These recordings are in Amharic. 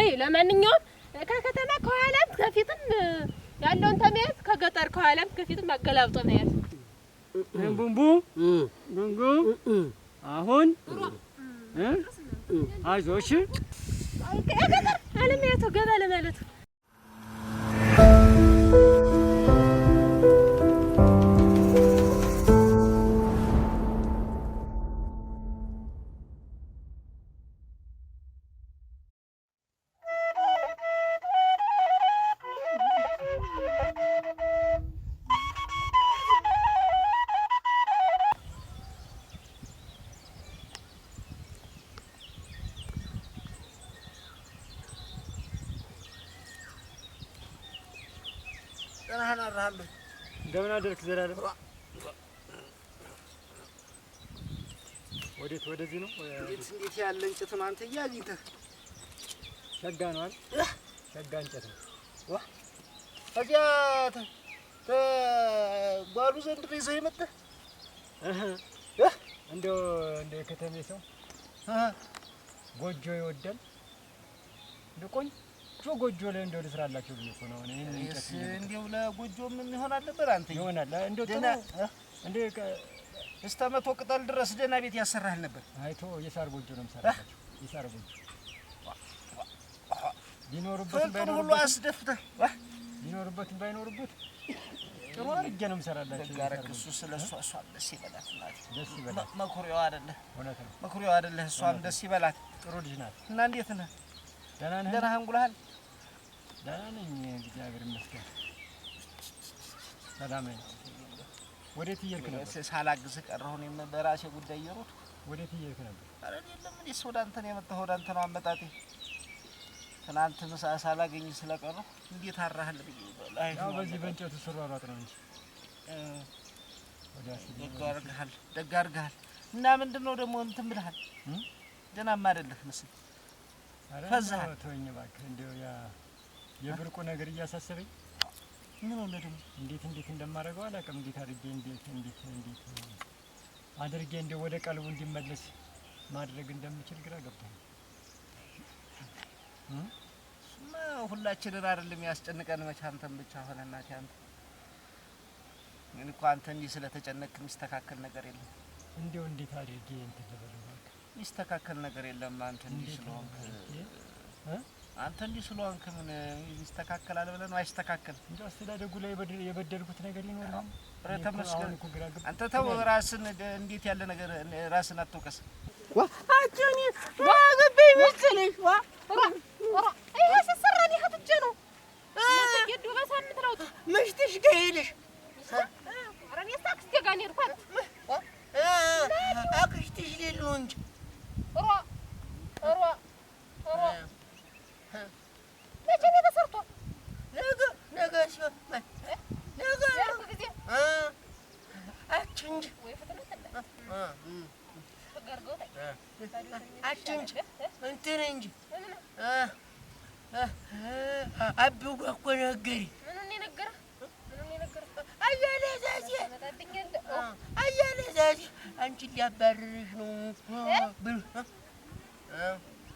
እይ ለማንኛውም ከከተማ ከኋላም ከፊትም ያለውን ተመያዝ ከገጠር ከኋላም ከፊትም አገላብጦ መያዝ። ቡንቡ ጉንጉ አሁን አይዞሽ አለመያተው ገባ ለማለት አደርጋለሁ። እንደምን አደርክ ዘላለም? ወዴት? ወደዚህ ነው። እንዴት ያለ እንጨት ነው አንተ እያግኝተህ? ሸጋ ነው አይደል? ሸጋ እንጨት ነው። ዋ ታዲያ ተጓሉ ዘንድ ነው ይዘህ የመጣህ? እንደው እንደ የከተሜ ሰው ጎጆ ይወዳል እንደ ቆንጆ ጎጆ ጎጆ ላይ እንደው ልስራላችሁ ብዬሽ እኮ ነው። እኔ እንደው ለጎጆ ምን ይሆን አልነበር አንተ ይሆናል እንደው ጥሩ እንደው እስከ መቶ ቅጠል ድረስ ደህና ቤት ያሰራል ነበር። አይቶ የሳር ጎጆ ነው የምሰራላቸው የሳር ጎጆ ቢኖርበት ሁሉ አስደፍተህ ቢኖርበትም ባይኖርበት ጥሩ አድርጌ ነው የምሰራላቸው። ጋረክ እሱ ስለ እሷ እሷም ደስ ይበላት ደስ ይበላት። መኩሪያዋ አይደለ እውነት ነው መኩሪያዋ አይደለህ እሷም ደስ ይበላት። ጥሩ ልጅ ናት እና እንዴት ነህ? ደህና ነህ? ደህና አንጉልሃል ደህና ነኝ፣ እግዚአብሔር ይመስገን። ሰላም ነኝ። ወዴት እየሄድክ ነበር? ሳላግዝ ቀረሁ። እኔም በራሴ ጉዳይ እየሮጥኩ። ወዴት እየሄድክ ነበር? ኧረ የለም፣ እኔስ ወደ አንተ ነው የመጣሁ። ወደ አንተ ነው አመጣጤ። ትናንት ምሳ ሳላገኝ ስለቀረሁ እንዴት አራህል ብዬ ያው በዚህ በእንጨቱ ስሯሯጥ ነው እንጂ ደግ አድርገሃል፣ እና ምንድን ነው ደግሞ እንትን ብለሃል፣ ደህናም አይደለህ መሰለኝ፣ ፈዛሃል። ተወኝ እባክህ እንደው ያ የብርቁ ነገር እያሳሰበኝ ምን ሆነ ደግሞ እንዴት እንዴት እንደማደርገው አላውቅም። እንዴት አድርጌ እንዴት እንዴት እንዴት አድርጌ እንደ ወደ ቀልቡ እንዲመለስ ማድረግ እንደምችል ግራ ገብቶኛል። እሱማ ሁላችንን አይደለም ያስጨንቀን። መቼ አንተን ብቻ ሆነ እናቴ። አንተ ግን እኮ አንተ እንዲህ ስለተጨነቅክ የሚስተካከል ነገር የለም። እንዴው እንዴት አድርጌ እንትን ልበለው፣ የሚስተካከል ነገር የለም አንተ እንዲህ ስለሆንክ አንተ እንዲህ ስለሆንክ ምን ይስተካከላል ብለህ ነው? አይስተካከል እንጂ አስተዳደጉ ላይ የበደልኩት ነገር ይኖር ነው? ኧረ ተመስገን። አንተ ተው ራስን፣ እንዴት ያለ ነገር ራስን አትውቀስ። ዋ አጭኒ ዋ ግቢ መሰለሽ ዋ ራ ራ ይሄ ሰሰራኒ ሀጥጀ ነው ገዱ በሳምንት ነው ምሽትሽ ገይልሽ አራኔ ሳክስ ገጋኔ ርኳት አክሽትሽ ሌሉ እንጂ ራ ራ ራ መቼ ነው ተሰርቶ? ነገ ነገ ሲሆን ነገ ጊዜ አች እንትን እንጂ አቢው እኮ ነገሬ አያሌ ዛዜ አንቺን ሊያባርርሽ ነው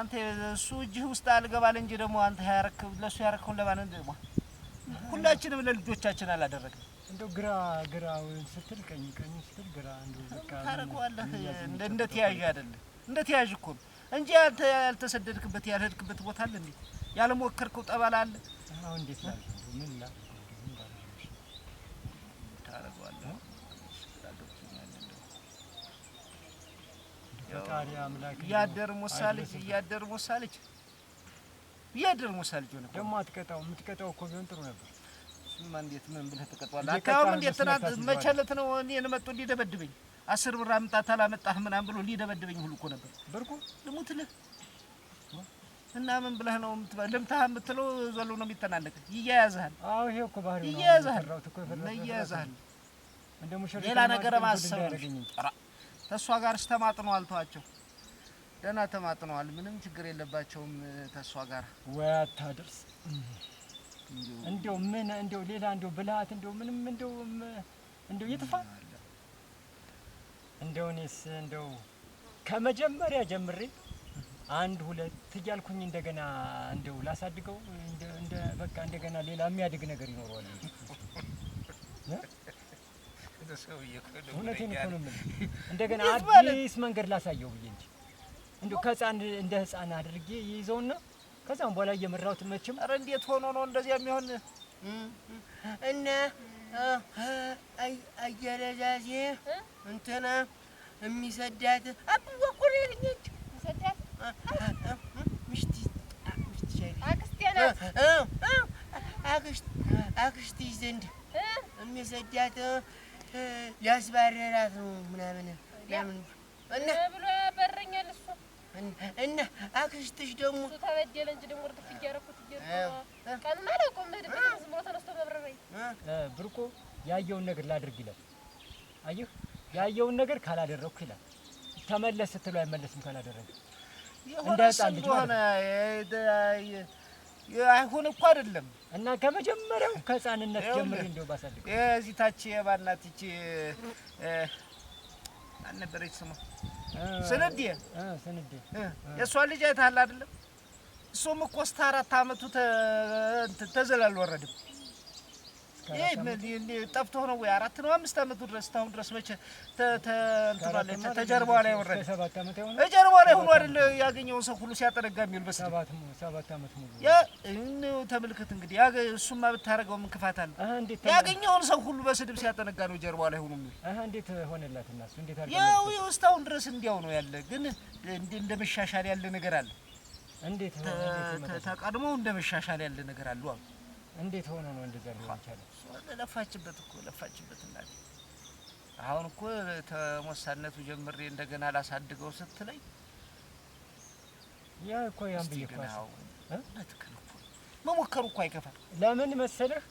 አንተ እሱ እጅህ ውስጥ አልገባል እንጂ ደግሞ አንተ ያረክ ለእሱ ያረከውን ለማን ደግሞ ሁላችንም ለልጆቻችን አላደረግም። እንደው ግራ ግራ ስትል ቀኝ ቀኝ ስትል ግራ እንደው በቃ ታረቀዋለህ። እንደ እንደ ተያዥ አይደለም እንደ ተያዥ እኮ ነው እንጂ አንተ ያልተሰደድክበት ያልሄድክበት ቦታ አለ እንዴ? ያለሞከርከው ጠባል አለ። አሁን እንዴት ነው ምን እያደር ሞሳ ልጅ እያደር ሞሳ ልጅ እያደር ሞሳ ልጅ ሆነ። ደግሞ አትቀጣው። የምትቀጣው እኮ ቢሆን ጥሩ ነበር። እሱማ እንዴት ምን ብለህ ትቀጣዋለህ? አካባቢ እንዴት ትናንት መቸለት ነው እኔን መጡ እንዲደበድበኝ አስር ብር አምጣት አላመጣህ ምናምን ብሎ ሊደበድበኝ ሁሉ እኮ ነበር። ብርቁ ልሙትልህ እና ምን ብለህ ነው ልምታህ የምትለው? ዘሎ ነው የሚተናነቅ ይያያዝሃል። አዎ ይሄ እኮ ባህሪው ነው። ይያያዝሃል፣ ይያያዝሃል። ሌላ ነገር ማሰብ ነው። ተሷ ጋር ስተማጥነዋል። ተዋቸው፣ ደህና ተማጥነዋል። ምንም ችግር የለባቸውም። ተሷ ጋር ወይ አታድርስ። እንደው ምን እንደው ሌላ እንደው ብልሃት እንደው ምንም እንደው እንደው ይጥፋ እንደው እኔስ እንደው ከመጀመሪያ ጀምሬ አንድ ሁለት እያልኩኝ እንደገና እንደው ላሳድገው እንደ በቃ እንደገና ሌላ የሚያድግ ነገር ይኖረዋል። እውነቴን እኮ ነው የምልህ። እንደገና አዲስ መንገድ ላሳየው ብዬ እንጂ እንደው ከህፃን እንደ ህፃን አድርጌ ይይዘውና ከዛም በኋላ እየመራሁት መቼም። ኧረ እንዴት ሆኖ ነው እንደዚያ የሚሆን? አየረዛዜ እንትና የሚሰዳት ያለኝ ሰዳት አክስቴ ዘንድ የሚሰዳት ያስባረራት ነው ምናምን ምናምን እና ብሎ ያበረኛል እሱ እና አክስትሽ ደግሞ እሱ ተበደለ እንጂ ደግሞ እርግፍ እያደረኩት ቀንማ አላውቀውም። መሄድበት ዝም ብሎ ተነስቶ መብረር ብርቆ ያየውን ነገር ላድርግ ይላል። አየሁ ያየውን ነገር ካላደረግኩ ይላል። ተመለስ ስትለው አይመለስም ካላደረግ እንደ ልጅ ማለት አይሆን እኮ አይደለም እና ከመጀመሪያው ከህፃንነት ጀምሬ እንደው ባሳድግ እዚህ ታች የባናት ይቺ አልነበረች ስሟ ስንዴ ስንዴ የእሷ ልጅ አይተሃል አይደለም? እሱም እኮ እስከ አራት አመቱ ተዘላል ወረድም ጠፍቶ ነው ወይ አራት ነው አምስት አመቱ ድረስ እስካሁን ድረስ መቼ ተጀርባ ላይ ወረደ? ላይ ሆኖ ያገኘውን ሰው ሁሉ ሲያጠነጋ የሚውል ተመልከት። እንግዲህ እሱማ ብታደርገው ምን ክፋት አለ? ያገኘውን ሰው ሁሉ በስድብ ሲያጠነጋ ነው ላይ ሆኖ የሚውል። እንዴት ሆነላት? ያው እስካሁን ድረስ እንዲያው ነው ያለ። ግን እንደ መሻሻል ያለ ነገር አለ። ተቀድሞ እንደ መሻሻል ያለ ነገር እንዴት ሆኖ ነው እንደዛ ሊሆን የቻለው? ለፋችበት እኮ ለፋችበት። እናቴ አሁን እኮ ተሞሳነቱ ጀምሬ እንደገና ላሳድገው ስትለኝ ያ እኮ ያን ብዬሽ እኮ መሞከሩ እኮ አይከፋም። ለምን መሰለህ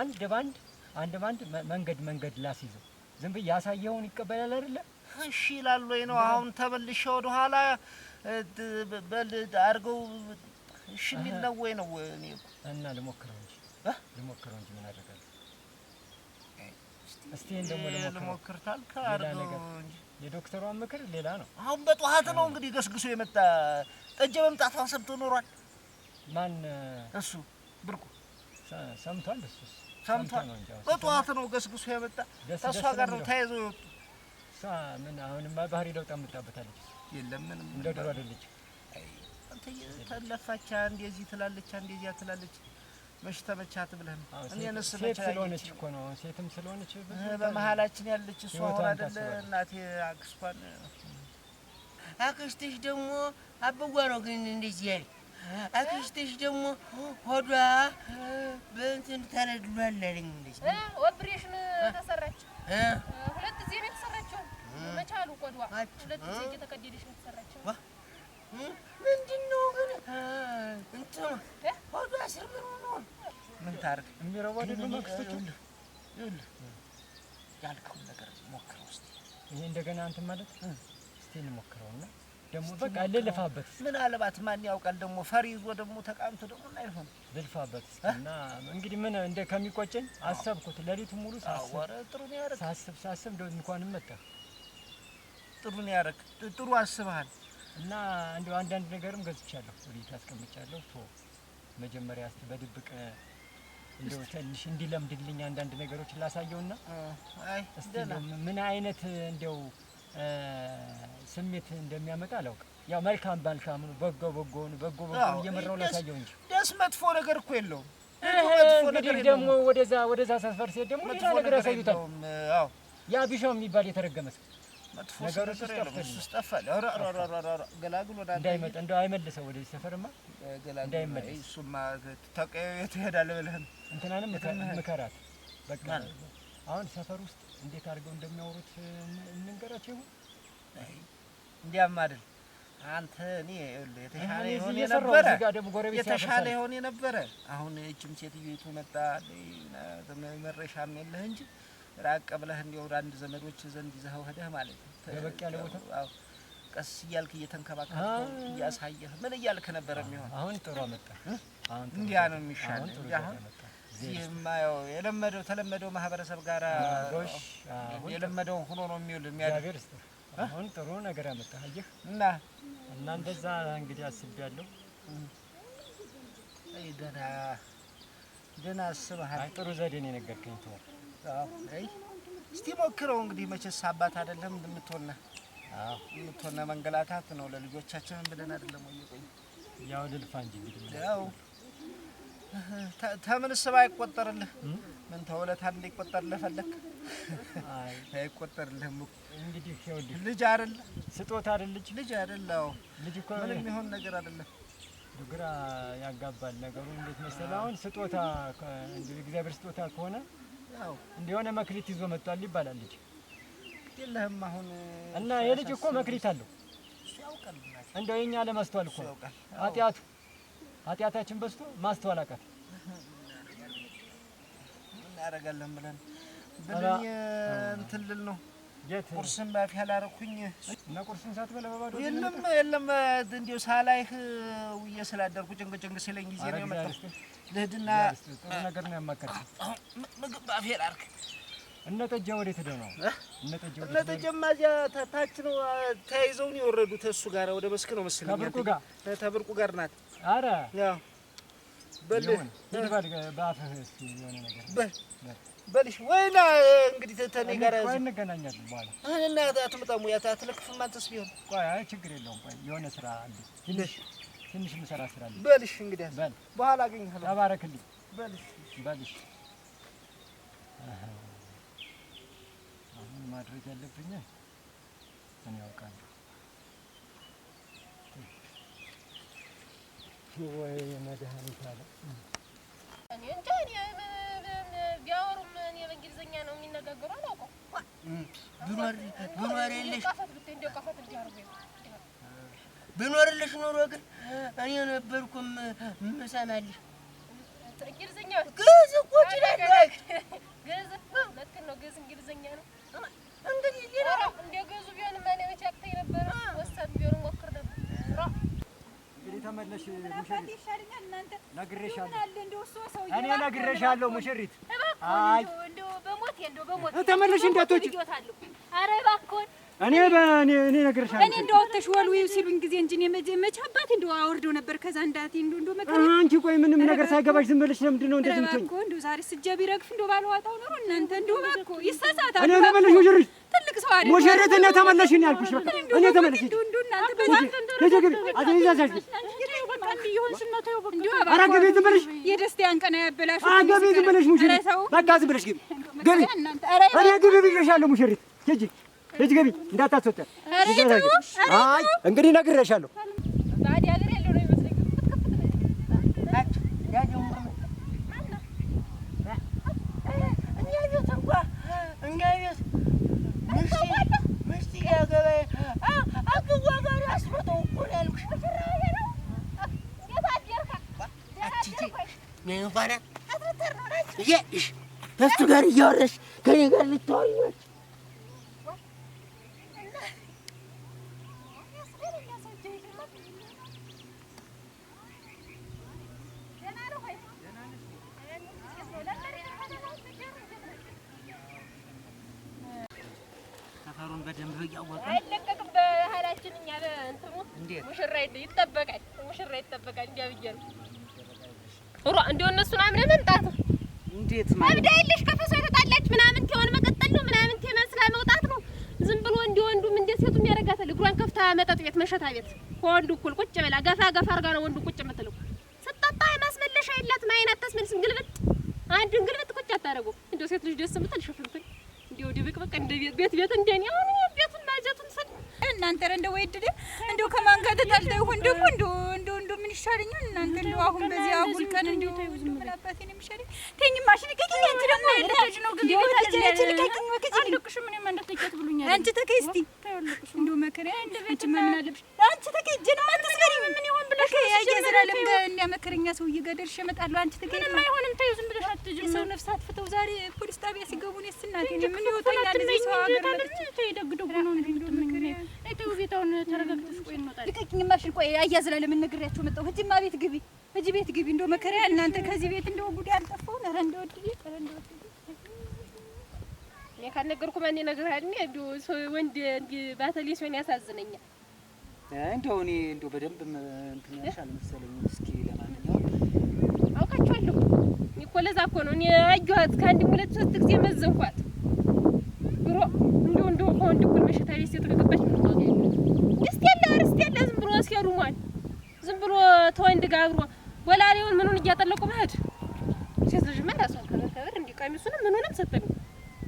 አንድ ባንድ አንድ ባንድ መንገድ መንገድ ላስይዘው ዝም ብዬ ይቀበላል አይደለ? እሺ ይላል ወይ ነው አሁን ተመልሼ ወደ ኋላ በል አድርገው እሺ የሚል ነው ወይ ነው? እኔ እና ልሞክረው እንጂ ልሞክረው እንጂ ምን አደርጋለሁ እስቲ ልሞክርታል የዶክተሯን ምክር ሌላ ነው። አሁን በጠዋት ነው እንግዲህ ገስግሶ የመጣ ጠጀ መምጣቷን ሰምቶ ኖሯል። ማን እሱ? ብርቁ ሰምቷል። እሱ ሰምቷል። በጠዋት ነው ገስግሶ የመጣ ተሷ ጋር ነው ተያይዞ የወጡ እሷ ምን አሁንማ ባህሪ ለውጥ አመጣበታለች። የለም ምንም እንደ ድሮ አይደለች። ተለፋቻ እንደዚህ ትላለች፣ እንደዚያ ትላለች መሽ ተመቻት ብለህ ነው። እኔንስ ሴት ስለሆነች እኮ ነው። ሴትም ስለሆነች በመሀላችን ያለች እሷ አሁን አይደለ እናቴ አክስቷን አክስትሽ ደግሞ አበጓ ግን እንደዚህ ያለ አክስትሽ ደግሞ ሆዷ በእንትን ተነድሏል አለኝ። እንደዚህ ኦፕሬሽን ተሰራች። ሁለት ጊዜ ነው የተሰራችው። መቻሉ ቆዷ ሁለት ጊዜ እየተቀደደች ነው የተሰራችው። ምንድን ነው ያልከውን ነገር ሞክረው እስኪ። ይሄ እንደገና እንትን ማለት እስኪ እንሞክረውና ደግሞ በቃ ልልፋበት። ምናልባት ማን ያውቃል ደግሞ ፈሪ ይዞ ደግሞ ተቃምቶ ደግሞ አይሆን ልልፋበት። እና እንግዲህ ምን እንደ ከሚቆጨኝ አሰብኩት ሌሊቱ ሙሉ ሳስብ ሳስብ እንኳንም መጣ። ጥሩ ነው ያደረግ ጥሩ አስበሃል። እና እንዲሁ አንዳንድ ነገርም ገዝቻለሁ ወዴት አስቀምጫለሁ። ቶ መጀመሪያ እስቲ በድብቅ እንደው ትንሽ እንዲለምድልኝ አንዳንድ ነገሮች ላሳየውና እስቲ ምን አይነት እንደው ስሜት እንደሚያመጣ አላውቅም። ያው መልካም መልካም ነው፣ በጎ በጎ ነው፣ በጎ በጎ እየመራው ላሳየው እንጂ ደስ መጥፎ ነገር እኮ የለውም። እንግዲህ ደግሞ ወደዛ ወደዛ ሰፈር ሲሄድ ደግሞ ሌላ ነገር ያሳዩታል። ያ ቢሻው የሚባል የተረገመ ሰው ነገሮች ይጠፋል። ገላግሎ እንዳይመጣ እንደው አይመልሰው ወደዚህ ሰፈርማ እንዳይመለስ። እሱማ ተቀየው የት ብለህ እንትናንም ምከራት በቃ። አሁን ሰፈር ውስጥ እንዴት አድርገው እንደሚያወሩት እንንገራቸው ይሁን። እንዲያማ አይደል አንተ እኔ የተሻለ ይሆን የነበረ የተሻለ ይሆን የነበረ አሁን እችም ሴትዮቱ መጣ መረሻም የለህ እንጂ ራቅ ብለህ እንዲያው አንድ ዘመዶች ዘንድ ይዘኸው ሄደህ ማለት ነው። ተበቅ ያለ ቦታ ቀስ እያልክ እየተንከባከብ እያሳየህ ምን እያልክ ነበር የሚሆን። አሁን ጥሩ መጣ። እንዲያ ነው የሚሻል። አሁን ያው የለመደው ተለመደው ማህበረሰብ ጋር የለመደውን ሁኖ ነው የሚውል የሚያደርግ። አሁን ጥሩ ነገር አመጣ አየህ። እና እና እንደዛ እንግዲህ አስቤያለሁ። አይ ደህና ደህና አስበሃል። ጥሩ ዘዴ ነው የነገርከኝ ተወው እስቲ ሞክረው እንግዲህ መቼስ አባት አይደለም እንደምትሆነ የምትሆነ መንገላታት ነው ለልጆቻችን ብለን አይደለም ወይ? ቆይ ያው ልልፋ እንጂ እንግዲህ ያው ተምን ስባ አይቆጠርልህ ምን ተውለታ እንዲቆጠርልህ ፈለክ አይቆጠርልህም። እንግዲህ ያው ልጅ አይደል ስጦታ አይደል ልጅ ልጅ አይደል አዎ ልጅ እኮ ምንም የሚሆን ነገር አይደለም። ግራ ያጋባል ነገሩ እንዴት መሰለህ አሁን ስጦታ እንግዲህ እግዚአብሔር ስጦታ ከሆነ ያው እንደሆነ መክሊት ይዞ መጥቷል ይባላል። ልጅ የለህም አሁን እና የልጅ እኮ መክሊት አለው እንደው የኛ ለማስተዋል እኮ ኃጢአቱ ኃጢአታችን በዝቶ ማስተዋል አቃት። ምን እናደርጋለን ብለን ብለን እንትን ልል ነው ቁርስን ባፊ ያላረኩኝ እና ቁርሱን ሳትበላ በባዶ የለም የለም፣ እንዲያው ሳላይህ ውዬ ስላደርኩ ጭንቅጭንቅ ሲለኝ ጊዜ ነው የመጣሁት። ልሂድና ጥሩ ነገር ነው ያማከርኩት። ምግብ ባፌ ላድርግ። እነ ጠጃ ወዴት ሄደው ነው? እነ ጠጃማ እዚያ ታች ነው ተያይዘው ነው የወረዱት። እሱ ጋር ወደ መስክ ነው መሰለኝ ተብርቁ ጋር ተብርቁ ጋር ናት። ኧረ ያው በል በል በአፍህ የሆነ ነገር በል በልሽ ወይና እንግዲህ ተኔ ጋር እንገናኛለን። በኋላ እና አትመጣም ወይ አትለክፍም? አንተስ ቢሆን አይ ችግር የለውም። ቆይ የሆነ ስራ አለ ትንሽ ትንሽ የምሰራ ስራ አለ። በልሽ እንግዲህ በል፣ በኋላ አገኝሃለሁ። ተባረክልኝ። በልሽ በልሽ። አሁን ማድረግ ያለብኝ እኔ አውቃለሁ። ወይ መድኃኒት አለ እኔ እንጃ እንግሊዘኛ ነው የሚነጋገሩ አላውቀውም። ብኖርልሽ ኖሮ ግን እኔ ነበርኩም የምሰማልሽ። እንግሊዝኛ ግዕዝ እኮ እችላለሁ። ግዕዝ ልክ ነው። ግዕዝ እንግሊዝኛ ነው። እንግዲህ ሌላ እንደ ግዕዙ ቢሆን ማን ያመቻት ነበረ ወሳኝ ቢሆን እንግዲህ ተመለሽ ሙሽሪት፣ እኔ ነግሬሻለሁ ሙሽሪት። አይ ተመለሽ እንዳትወጪ። ኧረ እባክዎን እኔ በእኔ እኔ እነግርሻለሁ። እኔ እንደው አውጥተሽ ወልዊው ሲሉኝ ጊዜ እንጂ እኔ መቼ አባቴ እንደው አወርደው ነበር። ከዛ እንዳቴ እንደው እንደው መከራ አንቺ ቆይ ምንም ነገር ሳይገባሽ ዝም ብለሽ ለምንድን ነው እንደዚህ የምትሆኝ? እንደው ዛሬ ስጀብ ይረግፍ እንደው ባልዋጣው ኖሮ እናንተ እንደው እባክዎ ይሳሳታል። እኔ ተመለሽ ሙሽሪት፣ ትልቅ ሰው አይደል ሙሽሪት። እኔ ተመለሽ እኔ አልኩሽ። በቃ እኔ ተመለሽ እንደው እንደው እናንተ በጣም ተንደረ ግቢ አዘኝ ይዛዛሽ ኧረ ግቢ ዝም ብለሽ የደስታዬን ሙሽሪት፣ በቃ ብለሽ ግቢ ግቢ። እኔ ግቢ ብዬሻለሁ ሙሽሪት ሂጂ ልጅ ገቢ እንዳታስወጣ። አይ እንግዲህ ነግሬሻለሁ። ከእኔ ጋር ልታወሪ ነች ከታ ቤት ከወንዱ እኩል ቁጭ ብላ ገፋ ገፋ አድርጋ ነው ወንዱ ቁጭ የምትለው። ስጠጣ የማስመለሻ የላትም፣ አይን አታስመልስም። ግልብጥ አንዱን ግልብጥ ቁጭ አታደርገው። እንደው ሴት ልጅ ደስ የምትል ሽፍንፍል እንደው ድብቅ ብቅ እንደ ቤት ቤት እንደኔ አሁን ቤቱን ማጀቱን ስል እናንተ ረ እንደ ድል እንደው ከማን ጋር ይሁን ደግሞ እንደው እንደው እንደው ምን ይሻለኛል? እናንተ እንደው አሁን በዚህ አጉል ቀን እንደው ተይው፣ ነው የሚሻለኝ። ማሽን ከኪ አንቺ ደግሞ ልጅ ነው ግን ልጅ ልጅ ልጅ ልጅ ልጅ ልጅ ልጅ ልጅ ልጅ እንደው መከሪያ እንደበች ምናለብሽ መከረኛ ሰውዬ ጋር እመጣለሁ። አንቺ ተከጀን ምንም አይሆንም። ተይው ዝም ብለሽ አትጅም። የሰው ነፍስ አጥፍተው ዛሬ ፖሊስ ጣቢያ ሲገቡ ነው ስናት ምን ይወጣኛል ቆይ እንወጣለን። ለምን ነግሬያቸው መጣሁ። ሂጂማ ቤት ግቢ፣ ሂጂ ቤት ግቢ። እንደው መከሪያ እናንተ ከዚህ ቤት እንደው ጉዳይ አልጠፋው ነረ እንደው ድይ ተረ እንደው እኔ ካልነገርኩ ማን ይነግርሃል? እኔ እንዲሁ ወንድ እንዲህ ባተሌ ሲሆን ያሳዝነኛል። እንደው እኔ እንደው በደንብ እንትን ያልሻል መሰለኝ። እስኪ ለማንኛውም አውቃቸዋለሁ። እኮ ለዛ እኮ ነው እኔ አየኋት ከአንድ ሁለት ሶስት ጊዜ መዘንኳት። ድሮ እንደው እንደው ከወንድ እኩል በሽታ ቤት ሴት ገባች ምን ዋጋ ያለ ርስት ያለ ዝም ብሎ ሲያሩሟል ዝም ብሎ ተወንድ ጋር አብሮ ወላሌውን ምኑን እያጠለቁ መሄድ ሴት ልጅ ራሷን ከመከበር እንዲህ ምኑንም ሰጠሚ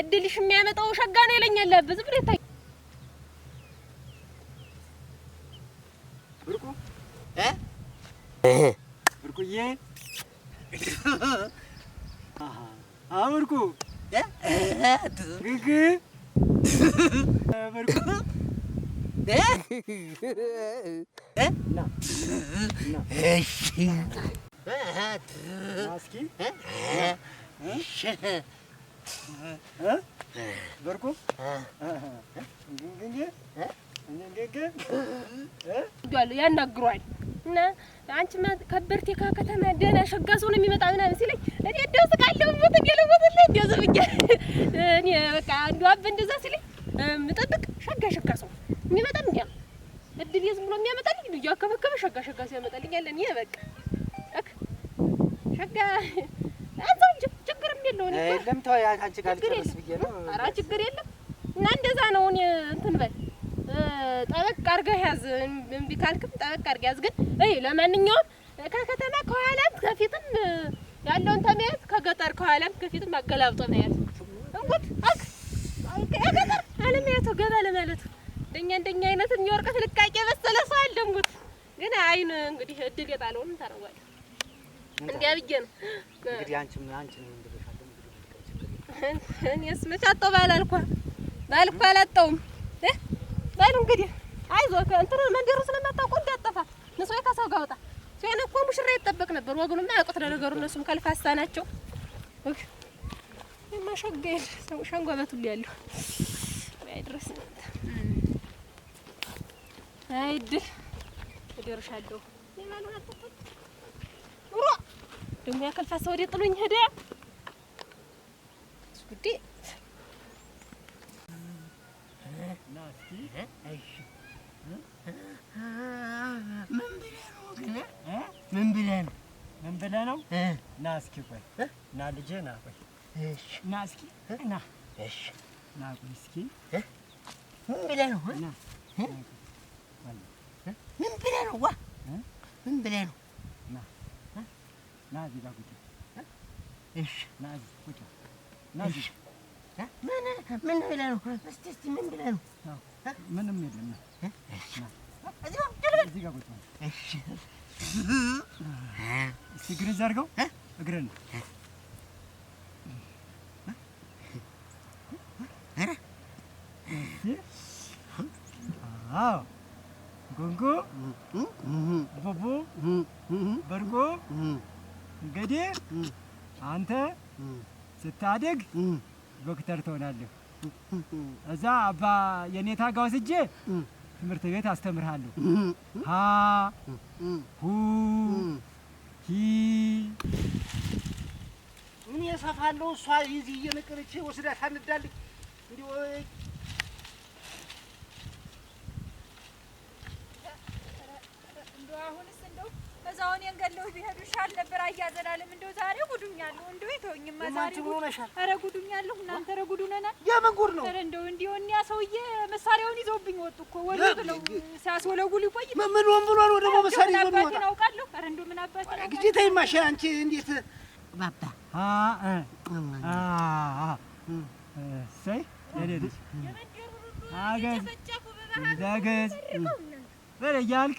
እድልሽ የሚያመጣው ሸጋ ነው ይለኛል። ብዙ ብር ይታይ ብርቁ እ ብርቁዬ አብርቁ ግግ ብርቁ እሺ በርኩ ያናግሯል እና አንቺ ከበርቴ ከተማ ደህና ሸጋ ሰው ነው የሚመጣ ምናምን ሲለኝ እኔ እንደው ስቃለሁ ሞተገለሞትለ እንደው ዝብኛ እኔ በቃ አንዱ አበ እንደዛ ሲለኝ ምጠብቅ ሸጋ ሸጋ ሰው የሚመጣም እንዲያ እድል ዝም ብሎ የሚያመጣልኝ ልዩ አከበከበ ሸጋ ሸጋ ሰው ያመጣልኛለን ይህ በቃ አንቺ ጋር ልጨርስ ብዬ ነው። ኧረ ችግር የለም እና እንደዛ ነው። እኔ እንትን በል ጠበቅ አድርገህ ያዝ። እምቢ ካልክም ጠበቅ አድርገህ ያዝ። ግን እይ ለማንኛውም ከከተማ ከኋላም ከፊትም ያለውን ተመያዝ፣ ከገጠር ከኋላም ከፊትም አገላብጦ መያዝ። እንጉት አክ ገጠር አለመያቶ ገባ ለማለቱ እንደኛ እንደኛ ሰው አለ። እንጉት ግን አይን እንግዲህ እድል የጣለውን እንዲያ ብዬ ነው እንግዲህ አንቺም አንቺም እኔስ መች አጣው ባል አልኳት አላጣውም እ ባሉ እንግዲህ አይዞህ እንትን መንደሩ ስለማታውቀው እንዳጠፋ ንጹህ ከሰው ጋር ወጣ ሲሆን እኮ ሙሽራ ይጠበቅ ነበር። ወግኑም አያውቁት ለነገሩ እነሱም ከልፋሳ ናቸው። የማሸገል ሰው ሸንጓበት ሁሉ ያለው አይድል እደርሻለሁ ይላሉ። ደግሞ ያ ከልፋሳ ጥሎኝ ሄደ። ጉዴ ምን ብለህ ነው? ምን ብለህ ነው? ና እስኪ ቆይ፣ ና ልጄ፣ ና ቆይ፣ ና እስኪ ና፣ ና ቆይ እስኪ። ምን ብለህ ነው? ምን ብለህ ነው? ዋ ምን ብለህ ነው? ና ና እዚህ ጋር ቁጭ። እሺ ና እዚህ ቁጭ ምን ብለህ ነው? እስኪ እስኪ ምን ብለህ ነው? ምንም የለም። እስኪ እግር እዛ አድርገው። እግርህን ጎንጎ፣ ቦቦ፣ በርጎ፣ እንግዲህ አንተ ስታድግ ዶክተር ትሆናለህ። እዛ አባ የኔታ ጋ ወስጄ ትምህርት ቤት አስተምርሃለሁ። ሀ ሁ ሂ እኔ እሰፋለሁ። እሷ ይዚ እየነቀለች ወስዳት አንዳልኝ እንዲ ሰው እኔን ገለው ቢሄዱ ይሻል ነበር። አያዘላለም እንደው ዛሬ ጉዱኛለሁ። እንደው ይተውኝማ ዛሬ ጉዱኛለሁ። ኧረ ጉዱኛለሁ። እናንተ ኧረ ጉድ የምን ጉድ ነው? ኧረ እንደው እንዲሁ እኒያ ሰውዬ መሳሪያውን ይዘውብኝ ወጡ እኮ ወደ ብለው ሲያስወለጉል ይቆይ ምን ምን ወን ብሏል? ወደ መሳሪያ ይዘው ይወጣ አውቃለሁ። ኧረ እንደው ምን አባት ነው ግጂ ተይማ። አንቺ እንዴት ባባ አ አ አ ሰይ ለሌሊት አገዝ ዳገዝ በለ እያልክ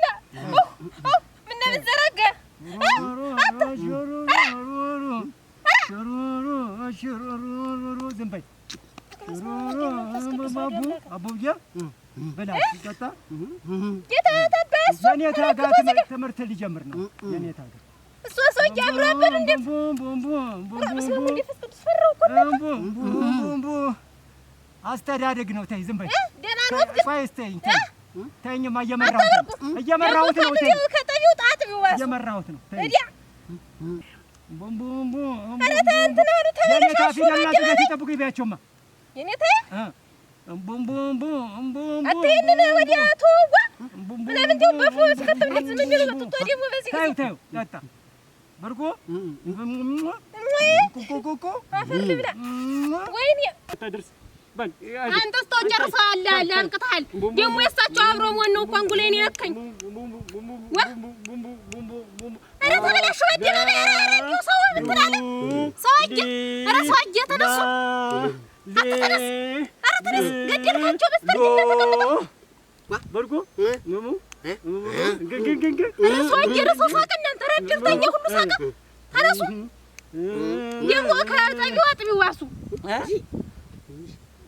አስተዳደግ ነው። ተይ ዝም በይ። እየመራሁት ነው እየመራሁት ነው እየመራሁት ነው። አንተስ ተው ጨርሰሃል፣ አለ አብቅተሃል። ደግሞ የእሳቸው አብሮ መሆን ነው። እንኳን ጉሌን ያከኝ ኧረ ተበላሽ ወዲህ ነው። ኧረ ሰው እንትን ኧረ ሰው ሳቅ ተነሱ ደግሞ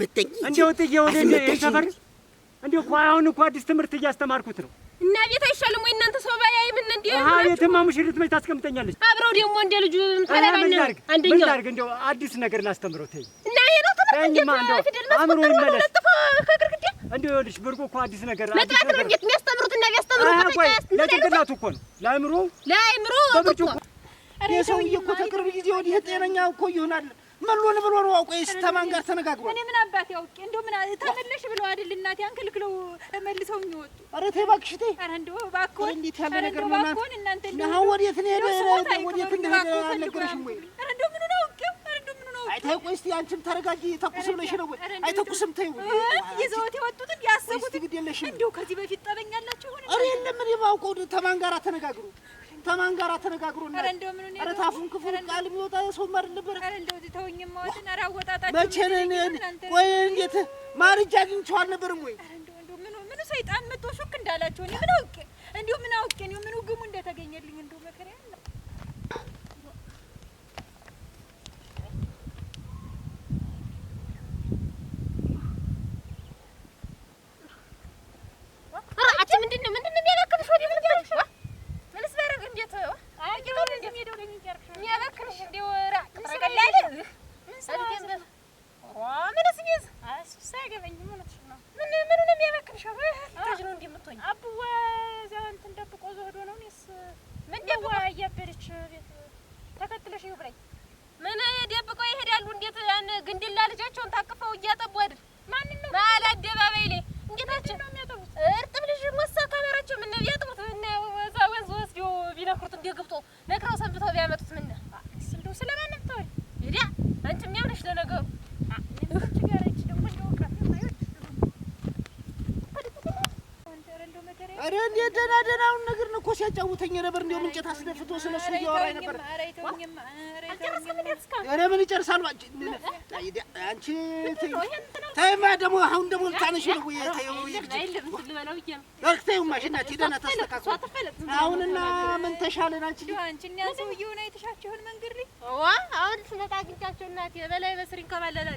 መተኝ እንደው ጥዬ ወደ ሰፈር እንደው እኮ አሁን እኮ አዲስ ትምህርት እያስተማርኩት ነው። እና ቤት አይሻልም ወይ እናንተ ሰው ባያይ ምን እንዴ? አሃ የትማ ሙሽሪት መች ታስቀምጠኛለች? አብረው ደግሞ እንደ ልጁ ተለባን አንደኛው ምን ላድርግ? እንደው አዲስ ነገር ላስተምረው ተይ። እና ይሄ ነው ተመረጠኝ ማለት ፊደል መስፈር ነው እንደው ይኸውልሽ ብርቁ እኮ አዲስ ነገር አዲስ ነገር ነው የሚያስተምሩት እና የሚያስተምሩት ለጭንቅላቱ እኮ ነው ለአእምሮ ለአእምሮ በብርጭቆ። አረ እኮ ተቅርብ ጊዜ ወዲህ ጤነኛ እኮ ይሆናል ምን ሎን ብሎ ነው ስተማን ጋር ተነጋግሯል። እኔ ምን ምን ተመለሽ ብለው አይደል እናቴ አንከልክለው መልሰው የሚወጡ ኧረ ተይ እባክሽ ተይ። ኧረ እንደው እባክዎን እንዴት ያለ ነገር ነው እናንተ አሁን ወዴት ነው ሄደ? ወዴት አልነገረሽም ወይ? ኧረ እንደው ምን ነው አይ ተይ ቆይ እስኪ አንቺም ተረጋጊ። ተኩስ ብለሽ ነው ወይ? አይ ተኩስም ይዘውት የወጡትን ያሰቡት እንደው ከዚህ በፊት ጠበኛላችሁ ሆነ። ኧረ የለም እኔ ተማን ጋር ተነጋግሩ ተማን ጋር ተነጋግሮ እና ኧረ ታፉን ክፉ ቃል የሚወጣ ሰው ማር ነበር። መቼ ነን? ቆይ እንዴት ማርጃ አግኝቼው አልነበረም ወይ? ምኑ ሰይጣን መቶ ሹክ እንዳላቸው እኔ ምን አውቄ እንዲሁ ምን አውቄ ነው ምኑ ግሙ እንደተገኘልኝ እንደው መከራ ያለ ምንድን ነው ምንድን ነው የሚያናክብሽ ወዲህ ምን ተው። አይ ቆይ፣ እንደው የሚሄደው ለኔ ይገርምሻል። የሚያበክርሽ እንደው ራቅ ብለሽ ይደርሳሉ። አንቺ ተይማ ደግሞ አሁን ደግሞ ልታነሺ ነው። ተይውማ እሺ እናቴ ደህና ታስተካክሉ። አሁንና ምን ተሻለን? አንቺ አሁን ስመጣ አግኝቻቸው እናቴ በላይ በስሪን ከባለላል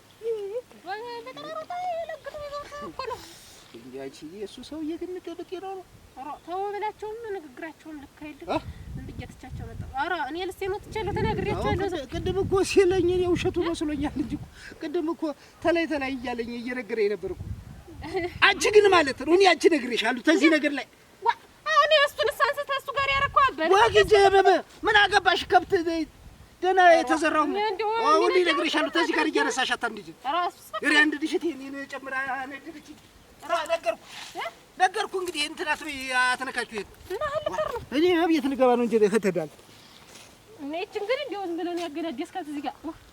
እሱ ሰውዬ ግን ጤና ነው። ተው ብላቸውም ንግግራቸውን ልክ አይደለም። እኔ ልስቴ መጥቻለሁ፣ ተናግሬያቸዋለሁ። ቅድም እኮ ሲለኝ እኔ ውሸቱ መስሎኛል እንጂ ቅድም እኮ ተላይ ተላይ እያለኝ እየነገረኝ ነበር እኮ። አንቺ ግን ማለት ነው እኔ አንቺ እነግርሻለሁ ተዚህ ነገር ላይ አሁን እሱን እሱ ጋር ያደረኩህ ወግጄ ምን አገባሽ ከብት ደህና የተዘራው አሁን ይነግርሻሉ። ተዚህ ጋር እያነሳሽ አታንድጂ። እሪ አንድ ድሽት ይሄን ጨምራ ነድርች። ነገርኩ ነገርኩ። እንግዲህ እንትን አትበይ፣ አትነካችሁ። ይሄን እኔ አብየት ልገባ ነው እንጂ ከተዳል እኔ እቺ እንግዲህ እንደው ዝም ብለን ያገናደስካት እዚህ ጋር